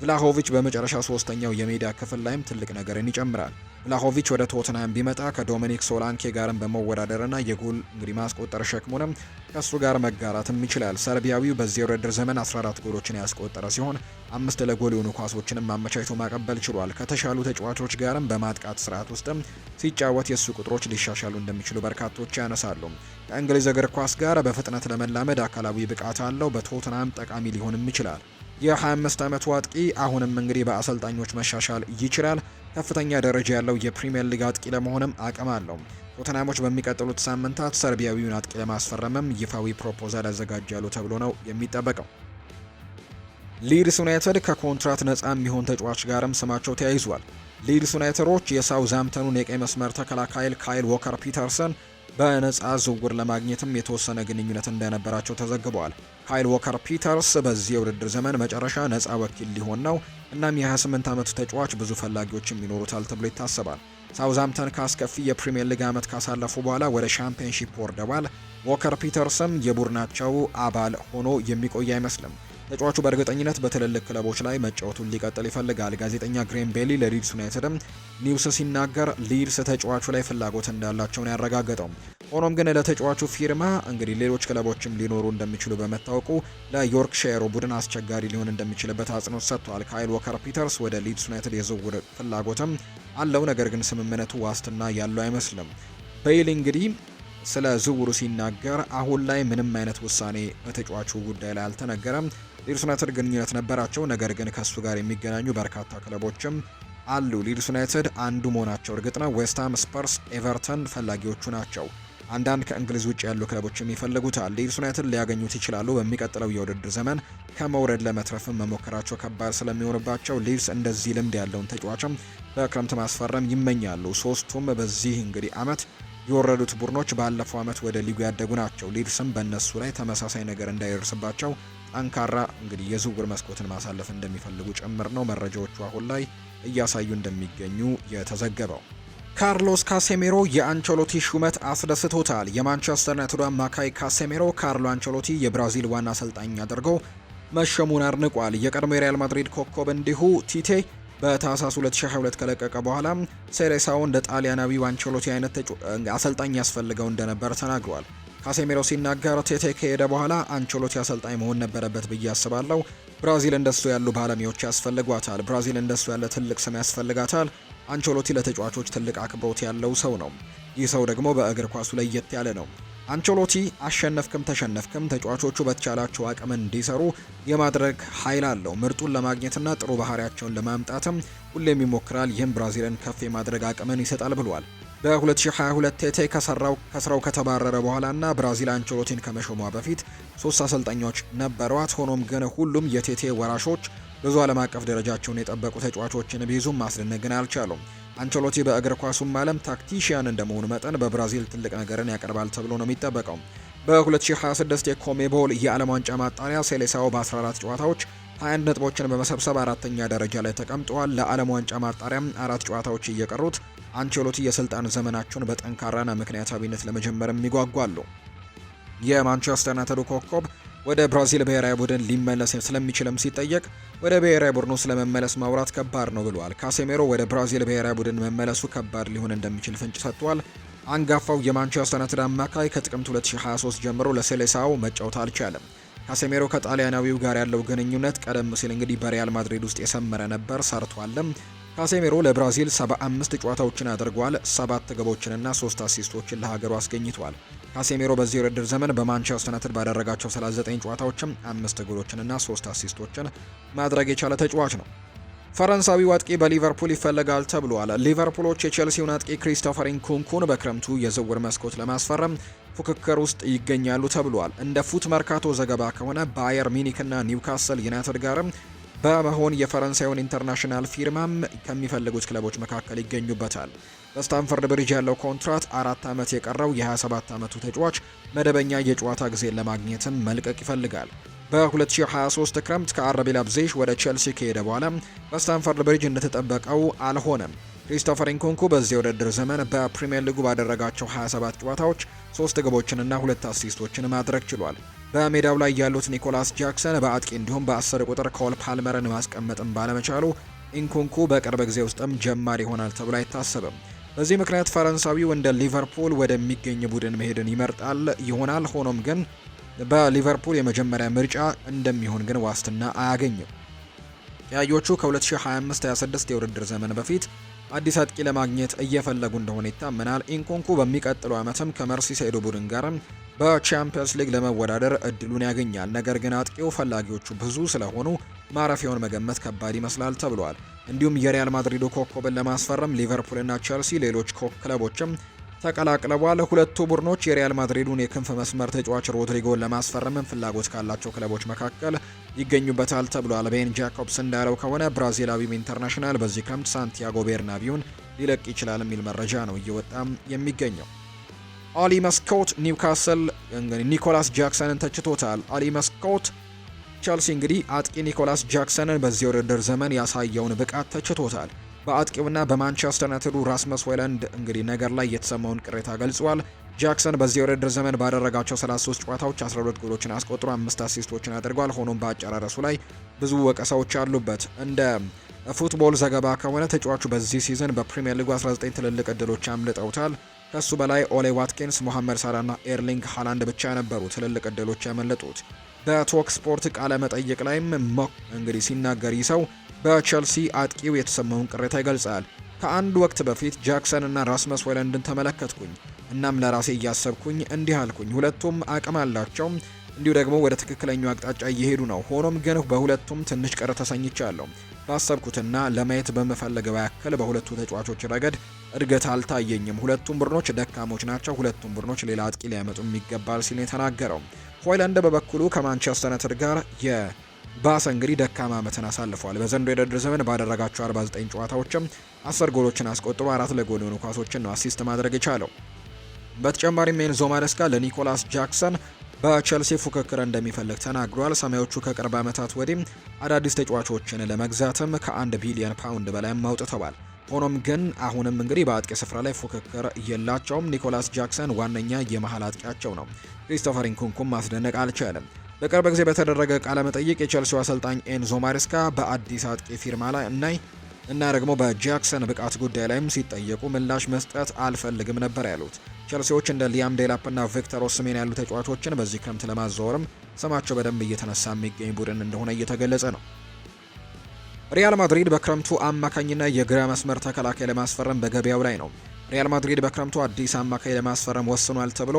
Speaker 1: ቭላሆቪች በመጨረሻ ሶስተኛው የሜዳ ክፍል ላይም ትልቅ ነገርን ይጨምራል። ቭላሆቪች ወደ ቶተንሃም ቢመጣ ከዶሚኒክ ሶላንኬ ጋርም በመወዳደርና የጎል እንግዲህ ማስቆጠር ሸክሙንም ከእሱ ጋር መጋራትም ይችላል። ሰርቢያዊው በዚህ ውድድር ዘመን 14 ጎሎችን ያስቆጠረ ሲሆን አምስት ለጎል የሆኑ ኳሶችንም አመቻችቶ ማቀበል ችሏል። ከተሻሉ ተጫዋቾች ጋርም በማጥቃት ስርዓት ውስጥም ሲጫወት የእሱ ቁጥሮች ሊሻሻሉ እንደሚችሉ በርካቶች ያነሳሉ። ከእንግሊዝ እግር ኳስ ጋር በፍጥነት ለመላመድ አካላዊ ብቃት አለው። በቶትናም ጠቃሚ ሊሆንም ይችላል። የ25 ዓመቱ አጥቂ አሁንም እንግዲህ በአሰልጣኞች መሻሻል ይችላል። ከፍተኛ ደረጃ ያለው የፕሪምየር ሊግ አጥቂ ለመሆንም አቅም አለው። ቶተናሞች በሚቀጥሉት ሳምንታት ሰርቢያዊውን አጥቂ ለማስፈረምም ይፋዊ ፕሮፖዛል ያዘጋጃሉ ተብሎ ነው የሚጠበቀው። ሊድስ ዩናይትድ ከኮንትራት ነፃ የሚሆን ተጫዋች ጋርም ስማቸው ተያይዟል። ሊድስ ዩናይትዶች የሳውዛምተኑን የቀይ መስመር ተከላካይ ካይል ዎከር ፒተርሰን በነጻ ዝውውር ለማግኘትም የተወሰነ ግንኙነት እንደነበራቸው ተዘግበዋል። ካይል ዎከር ፒተርስ በዚህ የውድድር ዘመን መጨረሻ ነፃ ወኪል ሊሆን ነው። እናም የ28 ዓመቱ ተጫዋች ብዙ ፈላጊዎችም ይኖሩታል ተብሎ ይታሰባል። ሳውዝሃምፕተን ካስከፊ የፕሪምየር ሊግ ዓመት ካሳለፉ በኋላ ወደ ሻምፒዮንሺፕ ወርደዋል። ዎከር ፒተርስም የቡድናቸው አባል ሆኖ የሚቆይ አይመስልም። ተጫዋቹ በእርግጠኝነት በትልልቅ ክለቦች ላይ መጫወቱን ሊቀጥል ይፈልጋል። ጋዜጠኛ ግሬም ቤሊ ለሊድስ ዩናይትድም ኒውስ ሲናገር ሊድስ ተጫዋቹ ላይ ፍላጎት እንዳላቸውን ያረጋገጠው፣ ሆኖም ግን ለተጫዋቹ ፊርማ እንግዲህ ሌሎች ክለቦችም ሊኖሩ እንደሚችሉ በመታወቁ ለዮርክሻየሩ ቡድን አስቸጋሪ ሊሆን እንደሚችልበት አጽንኦት ሰጥቷል። ካይል ወከር ፒተርስ ወደ ሊድስ ዩናይትድ የዝውውር ፍላጎትም አለው፣ ነገር ግን ስምምነቱ ዋስትና ያለው አይመስልም። ቤይሊ እንግዲህ ስለ ዝውውሩ ሲናገር አሁን ላይ ምንም አይነት ውሳኔ በተጫዋቹ ጉዳይ ላይ አልተነገረም። ሊድስ ዩናይትድ ግንኙነት ነበራቸው። ነገር ግን ከእሱ ጋር የሚገናኙ በርካታ ክለቦችም አሉ። ሊድስ ዩናይትድ አንዱ መሆናቸው እርግጥ ነው። ዌስትሃም፣ ስፐርስ፣ ኤቨርተን ፈላጊዎቹ ናቸው። አንዳንድ ከእንግሊዝ ውጭ ያሉ ክለቦችም ይፈልጉታል። ሊድስ ዩናይትድ ሊያገኙት ይችላሉ። በሚቀጥለው የውድድር ዘመን ከመውረድ ለመትረፍም መሞከራቸው ከባድ ስለሚሆንባቸው ሊድስ እንደዚህ ልምድ ያለውን ተጫዋችም በክረምት ማስፈረም ይመኛሉ። ሶስቱም በዚህ እንግዲህ አመት የወረዱት ቡድኖች ባለፈው አመት ወደ ሊጉ ያደጉ ናቸው። ሊድስም በእነሱ ላይ ተመሳሳይ ነገር እንዳይደርስባቸው ጠንካራ እንግዲህ የዝውውር መስኮትን ማሳለፍ እንደሚፈልጉ ጭምር ነው መረጃዎቹ አሁን ላይ እያሳዩ እንደሚገኙ የተዘገበው። ካርሎስ ካሴሜሮ የአንቸሎቲ ሹመት አስደስቶታል። የማንቸስተር ዩናይትድ አማካይ ካሴሜሮ ካርሎ አንቸሎቲ የብራዚል ዋና አሰልጣኝ አድርገው መሸሙን አድንቋል። የቀድሞ የሪያል ማድሪድ ኮከብ እንዲሁ ቲቴ በታህሳስ 2022 ከለቀቀ በኋላ ሴሬሳው እንደ ጣሊያናዊው አንቸሎቲ አይነት አሰልጣኝ ያስፈልገው እንደነበር ተናግሯል። ካሴሜሮ ሲናገር ቴቴ ከሄደ በኋላ አንቸሎቲ አሰልጣኝ መሆን ነበረበት ብዬ አስባለሁ። ብራዚል እንደሱ ያሉ ባለሙያዎች ያስፈልጓታል። ብራዚል እንደሱ ያለ ትልቅ ስም ያስፈልጋታል። አንቸሎቲ ለተጫዋቾች ትልቅ አክብሮት ያለው ሰው ነው። ይህ ሰው ደግሞ በእግር ኳሱ ለየት ያለ ነው። አንቸሎቲ አሸነፍክም ተሸነፍክም ተጫዋቾቹ በተቻላቸው አቅም እንዲሰሩ የማድረግ ኃይል አለው። ምርጡን ለማግኘትና ጥሩ ባህሪያቸውን ለማምጣትም ሁሌም ይሞክራል። ይህም ብራዚልን ከፍ የማድረግ አቅምን ይሰጣል ብሏል። በ2022 ቴቴ ከስራው ከተባረረ በኋላና ብራዚል አንቸሎቲን ከመሾሟ በፊት ሶስት አሰልጣኞች ነበሯት። ሆኖም ግን ሁሉም የቴቴ ወራሾች ብዙ ዓለም አቀፍ ደረጃቸውን የጠበቁ ተጫዋቾችን ቢይዙም ማስደነቅ ግን አልቻሉም። አንቸሎቲ በእግር ኳሱም ዓለም ታክቲሽያን እንደመሆኑ መጠን በብራዚል ትልቅ ነገርን ያቀርባል ተብሎ ነው የሚጠበቀው። በ2026 የኮሜቦል የዓለም ዋንጫ ማጣሪያ ሴሌሳው በ14 ጨዋታዎች 21 ነጥቦችን በመሰብሰብ አራተኛ ደረጃ ላይ ተቀምጠዋል። ለዓለም ዋንጫ ማጣሪያም አራት ጨዋታዎች እየቀሩት አንቸሎቲ የስልጣን ዘመናቸውን በጠንካራና ምክንያታዊነት ለመጀመርም ይጓጓሉ። የማንቸስተር ዩናይትድ ኮከብ ወደ ብራዚል ብሔራዊ ቡድን ሊመለስ ስለሚችልም ሲጠየቅ ወደ ብሔራዊ ቡድኑ ስለመመለስ ማውራት ከባድ ነው ብለዋል። ካሴሜሮ ወደ ብራዚል ብሔራዊ ቡድን መመለሱ ከባድ ሊሆን እንደሚችል ፍንጭ ሰጥቷል። አንጋፋው የማንቸስተር ዩናይትድ አማካይ ከጥቅምት 2023 ጀምሮ ለሴሌሳው መጫወት አልቻለም። ካሴሜሮ ከጣሊያናዊው ጋር ያለው ግንኙነት ቀደም ሲል እንግዲህ በሪያል ማድሪድ ውስጥ የሰመረ ነበር፣ ሰርቷልም። ካሴሜሮ ለብራዚል 75 ጨዋታዎችን አድርጓል። ሰባት ግቦችንና ሶስት አሲስቶችን ለሀገሩ አስገኝቷል። ካሴሜሮ በዚህ ውድድር ዘመን በማንቸስተር ዩናይትድ ባደረጋቸው 39 ጨዋታዎችም አምስት ጎሎችንና ሶስት አሲስቶችን ማድረግ የቻለ ተጫዋች ነው። ፈረንሳዊው አጥቂ በሊቨርፑል ይፈለጋል ተብሏል። ሊቨርፑሎች የቼልሲውን አጥቂ ክሪስቶፈር ኢንኩንኩን በክረምቱ የዝውውር መስኮት ለማስፈረም ፉክክር ውስጥ ይገኛሉ ተብሏል። እንደ ፉት መርካቶ ዘገባ ከሆነ ባየር ሚኒክና ኒውካስል ዩናይትድ ጋርም በመሆን የፈረንሳዩን ኢንተርናሽናል ፊርማም ከሚፈልጉት ክለቦች መካከል ይገኙበታል። በስታንፈርድ ብሪጅ ያለው ኮንትራት አራት ዓመት የቀረው የ27 ዓመቱ ተጫዋች መደበኛ የጨዋታ ጊዜን ለማግኘትም መልቀቅ ይፈልጋል። በ2023 ክረምት ከአረቢ ላይፕዚግ ወደ ቼልሲ ከሄደ በኋላ በስታንፈርድ ብሪጅ እንደተጠበቀው አልሆነም። ክሪስቶፈር ኢንኮንኩ በዚህ የውድድር ዘመን በፕሪምየር ሊጉ ባደረጋቸው 27 ጨዋታዎች 3 ግቦችንና ሁለት አሲስቶችን ማድረግ ችሏል። በሜዳው ላይ ያሉት ኒኮላስ ጃክሰን በአጥቂ እንዲሁም በአስር ቁጥር ኮል ፓልመርን ማስቀመጥም ባለመቻሉ ኢንኩንኩ በቅርብ ጊዜ ውስጥም ጀማሪ ይሆናል ተብሎ አይታሰብም። በዚህ ምክንያት ፈረንሳዊው እንደ ሊቨርፑል ወደሚገኝ ቡድን መሄድን ይመርጣል ይሆናል። ሆኖም ግን በሊቨርፑል የመጀመሪያ ምርጫ እንደሚሆን ግን ዋስትና አያገኝም። ቀያዮቹ ከ2025/26 የውድድር ዘመን በፊት አዲስ አጥቂ ለማግኘት እየፈለጉ እንደሆነ ይታመናል። ኢንኩንኩ በሚቀጥለው ዓመትም ከመርሲሳይዶ ቡድን ጋርም በቻምፒየንስ ሊግ ለመወዳደር እድሉን ያገኛል። ነገር ግን አጥቂው ፈላጊዎቹ ብዙ ስለሆኑ ማረፊያውን መገመት ከባድ ይመስላል ተብሏል። እንዲሁም የሪያል ማድሪዱ ኮከብን ለማስፈረም ሊቨርፑልና ቸልሲ ሌሎች ክለቦችም በኋላ ሁለቱ ቡድኖች የሪያል ማድሪዱን የክንፍ መስመር ተጫዋች ሮድሪጎን ለማስፈረምን ፍላጎት ካላቸው ክለቦች መካከል ይገኙበታል ተብሏል። ቤን ጃኮብስ እንዳለው ከሆነ ብራዚላዊም ኢንተርናሽናል በዚህ ክረምት ሳንቲያጎ ቤርናቢውን ሊለቅ ይችላል የሚል መረጃ ነው እየወጣም የሚገኘው። አሊ መስኮት ኒውካስል ኒኮላስ ጃክሰንን ተችቶታል። አሊ መስኮት ቸልሲ እንግዲህ አጥቂ ኒኮላስ ጃክሰንን በዚህ ውድድር ዘመን ያሳየውን ብቃት ተችቶታል። በአጥቂውና በማንቸስተር ዩናይትዱ ራስመስ ሆይለንድ እንግዲህ ነገር ላይ የተሰማውን ቅሬታ ገልጿል። ጃክሰን በዚህ የውድድር ዘመን ባደረጋቸው 33 ጨዋታዎች 12 ጎሎችን አስቆጥሮ አምስት አሲስቶችን አድርጓል። ሆኖም በአጨራረሱ ላይ ብዙ ወቀሳዎች አሉበት። እንደ ፉትቦል ዘገባ ከሆነ ተጫዋቹ በዚህ ሲዝን በፕሪምየር ሊጉ 19 ትልልቅ እድሎች አምልጠውታል። ከሱ በላይ ኦሌ ዋትኪንስ፣ ሞሐመድ ሳላና ኤርሊንግ ሃላንድ ብቻ ነበሩ ትልልቅ እድሎች ያመለጡት። በቶክ ስፖርት ቃለ መጠይቅ ላይም እንግዲህ ሲናገር ይሰው በቼልሲ አጥቂው የተሰማውን ቅሬታ ይገልጻል። ከአንድ ወቅት በፊት ጃክሰን እና ራስመስ ሆይለንድን ተመለከትኩኝ። እናም ለራሴ እያሰብኩኝ እንዲህ አልኩኝ፣ ሁለቱም አቅም አላቸው፣ እንዲሁ ደግሞ ወደ ትክክለኛው አቅጣጫ እየሄዱ ነው። ሆኖም ግን በሁለቱም ትንሽ ቅር ተሰኝቻለሁ። ባሰብኩትና ለማየት በምፈልገው ያክል በሁለቱ ተጫዋቾች ረገድ እድገት አልታየኝም። ሁለቱም ቡድኖች ደካሞች ናቸው። ሁለቱም ቡድኖች ሌላ አጥቂ ሊያመጡ ይገባል ሲል የተናገረው ሆይላንድ በበኩሉ ከማንቸስተር ዩናይትድ ጋር ባሰ እንግዲህ ደካማ ዓመትን አሳልፏል። በዘንድሮው የውድድር ዘመን ባደረጋቸው 49 ጨዋታዎችም 10 ጎሎችን አስቆጥሮ አራት ለጎል የሆኑ ኳሶችን ነው አሲስት ማድረግ የቻለው። በተጨማሪም ኤንዞ ማሬስካ ለኒኮላስ ጃክሰን በቸልሲ ፉክክር እንደሚፈልግ ተናግሯል። ሰማዮቹ ከቅርብ ዓመታት ወዲህ አዳዲስ ተጫዋቾችን ለመግዛትም ከአንድ ቢሊዮን ፓውንድ በላይ አውጥተዋል። ሆኖም ግን አሁንም እንግዲህ በአጥቂ ስፍራ ላይ ፉክክር የላቸውም። ኒኮላስ ጃክሰን ዋነኛ የመሀል አጥቂያቸው ነው። ክሪስቶፈር ኢንኩንኩም ማስደነቅ አልቻለም። በቅርብ ጊዜ በተደረገ ቃለ መጠይቅ የቼልሲው አሰልጣኝ ኤንዞ ማሪስካ በአዲስ አጥቂ ፊርማ ላይ እናይ እና ደግሞ በጃክሰን ብቃት ጉዳይ ላይም ሲጠየቁ ምላሽ መስጠት አልፈልግም ነበር ያሉት። ቸልሲዎች እንደ ሊያም ዴላፕና ቪክተር ኦስሜን ያሉ ተጫዋቾችን በዚህ ክረምት ለማዘወርም ስማቸው በደንብ እየተነሳ የሚገኝ ቡድን እንደሆነ እየተገለጸ ነው። ሪያል ማድሪድ በክረምቱ አማካኝና የግራ መስመር ተከላካይ ለማስፈረም በገበያው ላይ ነው። ሪያል ማድሪድ በክረምቱ አዲስ አማካይ ለማስፈረም ወስኗል ተብሎ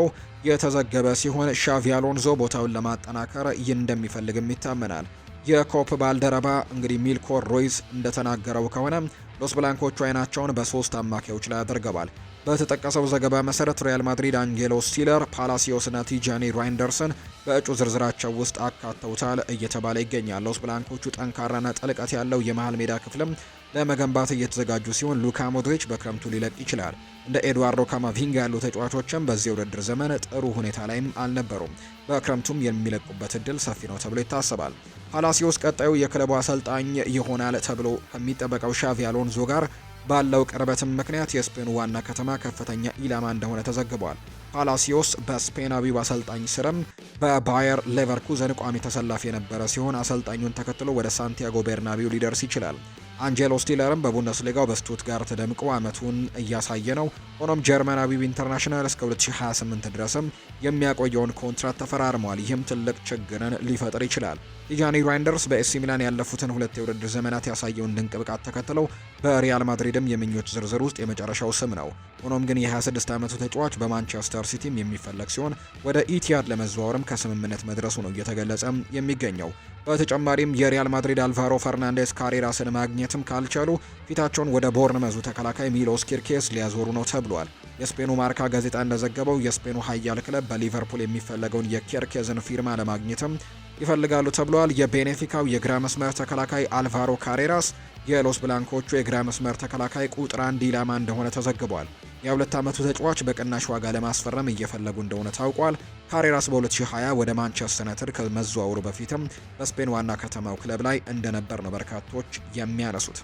Speaker 1: የተዘገበ ሲሆን ሻቪ አሎንዞ ቦታውን ለማጠናከር እንደሚፈልግም ይታመናል። የኮፕ ባልደረባ እንግዲህ ሚልኮር ሮይዝ እንደተናገረው ከሆነ ሎስ ብላንኮቹ አይናቸውን በሶስት አማካዮች ላይ አድርገዋል። በተጠቀሰው ዘገባ መሰረት ሪያል ማድሪድ አንጌሎ ሲለር፣ ፓላሲዮስና ቲጃኒ ራይንደርስን በእጩ ዝርዝራቸው ውስጥ አካተውታል እየተባለ ይገኛል። ሎስ ብላንኮቹ ጠንካራና ጥልቀት ያለው የመሃል ሜዳ ክፍልም ለመገንባት እየተዘጋጁ ሲሆን ሉካ ሞድሪች በክረምቱ ሊለቅ ይችላል። እንደ ኤድዋርዶ ካማቪንጋ ያሉ ተጫዋቾችም በዚህ የውድድር ዘመን ጥሩ ሁኔታ ላይም አልነበሩም። በክረምቱም የሚለቁበት እድል ሰፊ ነው ተብሎ ይታሰባል። ፓላሲዮስ ቀጣዩ የክለቡ አሰልጣኝ ይሆናል ተብሎ ከሚጠበቀው ሻቪ አሎንዞ ጋር ባለው ቅርበትም ምክንያት የስፔኑ ዋና ከተማ ከፍተኛ ኢላማ እንደሆነ ተዘግቧል። ፓላሲዮስ በስፔናዊው አሰልጣኝ ስርም በባየር ሌቨርኩዘን ቋሚ ተሰላፊ የነበረ ሲሆን አሰልጣኙን ተከትሎ ወደ ሳንቲያጎ ቤርናቢው ሊደርስ ይችላል። አንጀሎ ስቲለርም በቡንደስሊጋው በስቱትጋርት ደምቆ አመቱን እያሳየ ነው። ሆኖም ጀርመናዊው ኢንተርናሽናል እስከ 2028 ድረስም የሚያቆየውን ኮንትራት ተፈራርሟል። ይህም ትልቅ ችግርን ሊፈጥር ይችላል። ቲጃኒ ራይንደርስ በኤሲ ሚላን ያለፉትን ሁለት የውድድር ዘመናት ያሳየውን ድንቅ ብቃት ተከትለው በሪያል ማድሪድም የምኞች ዝርዝር ውስጥ የመጨረሻው ስም ነው። ሆኖም ግን የ26 ዓመቱ ተጫዋች በማንቸስተር ሲቲም የሚፈለግ ሲሆን ወደ ኢቲያድ ለመዘዋወርም ከስምምነት መድረሱ ነው እየተገለጸ የሚገኘው። በተጨማሪም የሪያል ማድሪድ አልቫሮ ፈርናንዴስ ካሬራስን ማግኘትም ካልቻሉ ፊታቸውን ወደ ቦርንመዙ ተከላካይ ሚሎስ ኪርኬስ ሊያዞሩ ነው ተብሏል። የስፔኑ ማርካ ጋዜጣ እንደዘገበው የስፔኑ ኃያል ክለብ በሊቨርፑል የሚፈለገውን የኬርኬዝን ፊርማ ለማግኘትም ይፈልጋሉ ተብሏል። የቤኔፊካው የግራ መስመር ተከላካይ አልቫሮ ካሬራስ የሎስ ብላንኮቹ የግራ መስመር ተከላካይ ቁጥር አንድ ኢላማ እንደሆነ ተዘግቧል። የሁለት ዓመቱ ተጫዋች በቅናሽ ዋጋ ለማስፈረም እየፈለጉ እንደሆነ ታውቋል። ካሬራስ በ2020 ወደ ማንቸስተር ዩናይትድ ከመዘዋወሩ በፊትም በስፔን ዋና ከተማው ክለብ ላይ እንደነበር ነው በርካቶች የሚያነሱት።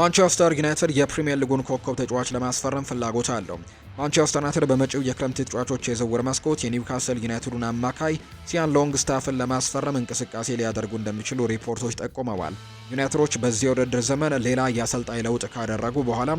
Speaker 1: ማንቸስተር ዩናይትድ የፕሪምየር ሊጉን ኮከብ ተጫዋች ለማስፈረም ፍላጎት አለው። ማንቸስተር ዩናይትድ በመጪው የክረምት ተጫዋቾች የዝውውር መስኮት የኒውካስል ዩናይትዱን አማካይ ሲያን ሎንግ ስታፍን ለማስፈረም እንቅስቃሴ ሊያደርጉ እንደሚችሉ ሪፖርቶች ጠቁመዋል። ዩናይትዶች በዚህ የውድድር ዘመን ሌላ የአሰልጣኝ ለውጥ ካደረጉ በኋላ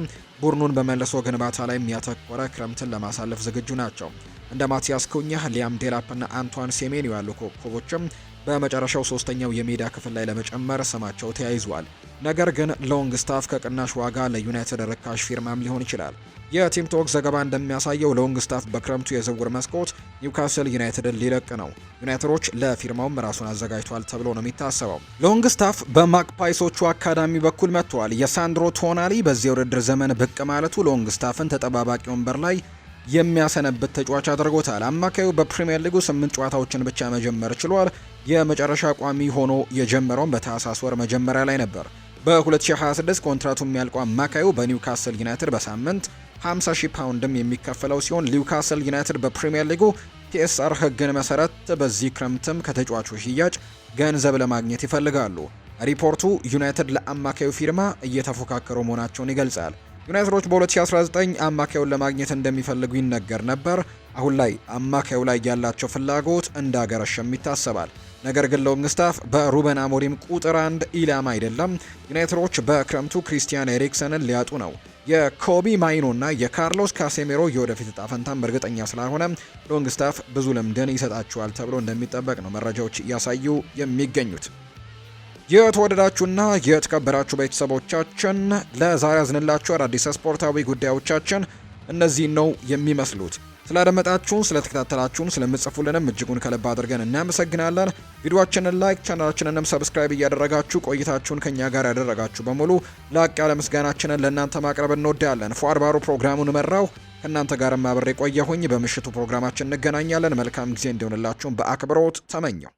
Speaker 1: ቡድኑን በመልሶ ግንባታ ላይ የሚያተኮረ ክረምትን ለማሳለፍ ዝግጁ ናቸው። እንደ ማቲያስ ኩኛህ፣ ሊያም ዴላፕና አንቷን ሴሜን ያሉ ኮከቦችም በመጨረሻው ሶስተኛው የሜዳ ክፍል ላይ ለመጨመር ስማቸው ተያይዟል። ነገር ግን ሎንግ ስታፍ ከቅናሽ ዋጋ ለዩናይትድ ርካሽ ፊርማም ሊሆን ይችላል። የቲም ቶክ ዘገባ እንደሚያሳየው ሎንግ ስታፍ በክረምቱ የዝውውር መስኮት ኒውካስል ዩናይትድን ሊለቅ ነው። ዩናይትዶች ለፊርማውም ራሱን አዘጋጅቷል ተብሎ ነው የሚታሰበው። ሎንግ ስታፍ በማክፓይሶቹ አካዳሚ በኩል መጥተዋል። የሳንድሮ ቶናሊ በዚህ የውድድር ዘመን ብቅ ማለቱ ሎንግ ስታፍን ተጠባባቂ ወንበር ላይ የሚያሰነብት ተጫዋች አድርጎታል። አማካዩ በፕሪምየር ሊጉ ስምንት ጨዋታዎችን ብቻ መጀመር ችሏል። የመጨረሻ ቋሚ ሆኖ የጀመረውን በታህሳስ ወር መጀመሪያ ላይ ነበር። በ2026 ኮንትራቱ የሚያልቁ አማካዩ በኒውካስል ዩናይትድ በሳምንት 50 ሺህ ፓውንድም የሚከፈለው ሲሆን ኒውካስል ዩናይትድ በፕሪምየር ሊጉ ፒኤስአር ህግን መሰረት በዚህ ክረምትም ከተጫዋቹ ሽያጭ ገንዘብ ለማግኘት ይፈልጋሉ። ሪፖርቱ ዩናይትድ ለአማካዩ ፊርማ እየተፎካከሩ መሆናቸውን ይገልጻል። ዩናይትዶች በ2019 አማካዩን ለማግኘት እንደሚፈልጉ ይነገር ነበር። አሁን ላይ አማካዩ ላይ ያላቸው ፍላጎት እንዳገረሸም ይታሰባል። ነገር ግን ሎንግ ስታፍ በሩበን አሞሪም ቁጥር አንድ ኢላማ አይደለም። ዩናይትዶች በክረምቱ ክሪስቲያን ኤሪክሰንን ሊያጡ ነው። የኮቢ ማይኖ እና የካርሎስ ካሴሜሮ የወደፊት እጣ ፈንታም እርግጠኛ ስላልሆነ ሎንግስታፍ ብዙ ልምድን ይሰጣቸዋል ተብሎ እንደሚጠበቅ ነው መረጃዎች እያሳዩ የሚገኙት። የተወደዳችሁና የተከበራችሁ ቤተሰቦቻችን ለዛሬ ያዝንላችሁ አዳዲስ ስፖርታዊ ጉዳዮቻችን እነዚህን ነው የሚመስሉት። ስላደመጣችሁን፣ ስለተከታተላችሁን፣ ስለምጽፉልንም እጅጉን ከልብ አድርገን እናመሰግናለን። ቪዲዮችንን ላይክ ቻናላችንንም ሰብስክራይብ እያደረጋችሁ ቆይታችሁን ከእኛ ጋር ያደረጋችሁ በሙሉ ላቅ ያለ ምስጋናችንን ለእናንተ ማቅረብ እንወዳለን። ፏር ባሩ ፕሮግራሙን መራው። ከእናንተ ጋርም አብሬ ቆየሁኝ። በምሽቱ ፕሮግራማችን እንገናኛለን። መልካም ጊዜ እንዲሆንላችሁን በአክብሮት ተመኘው።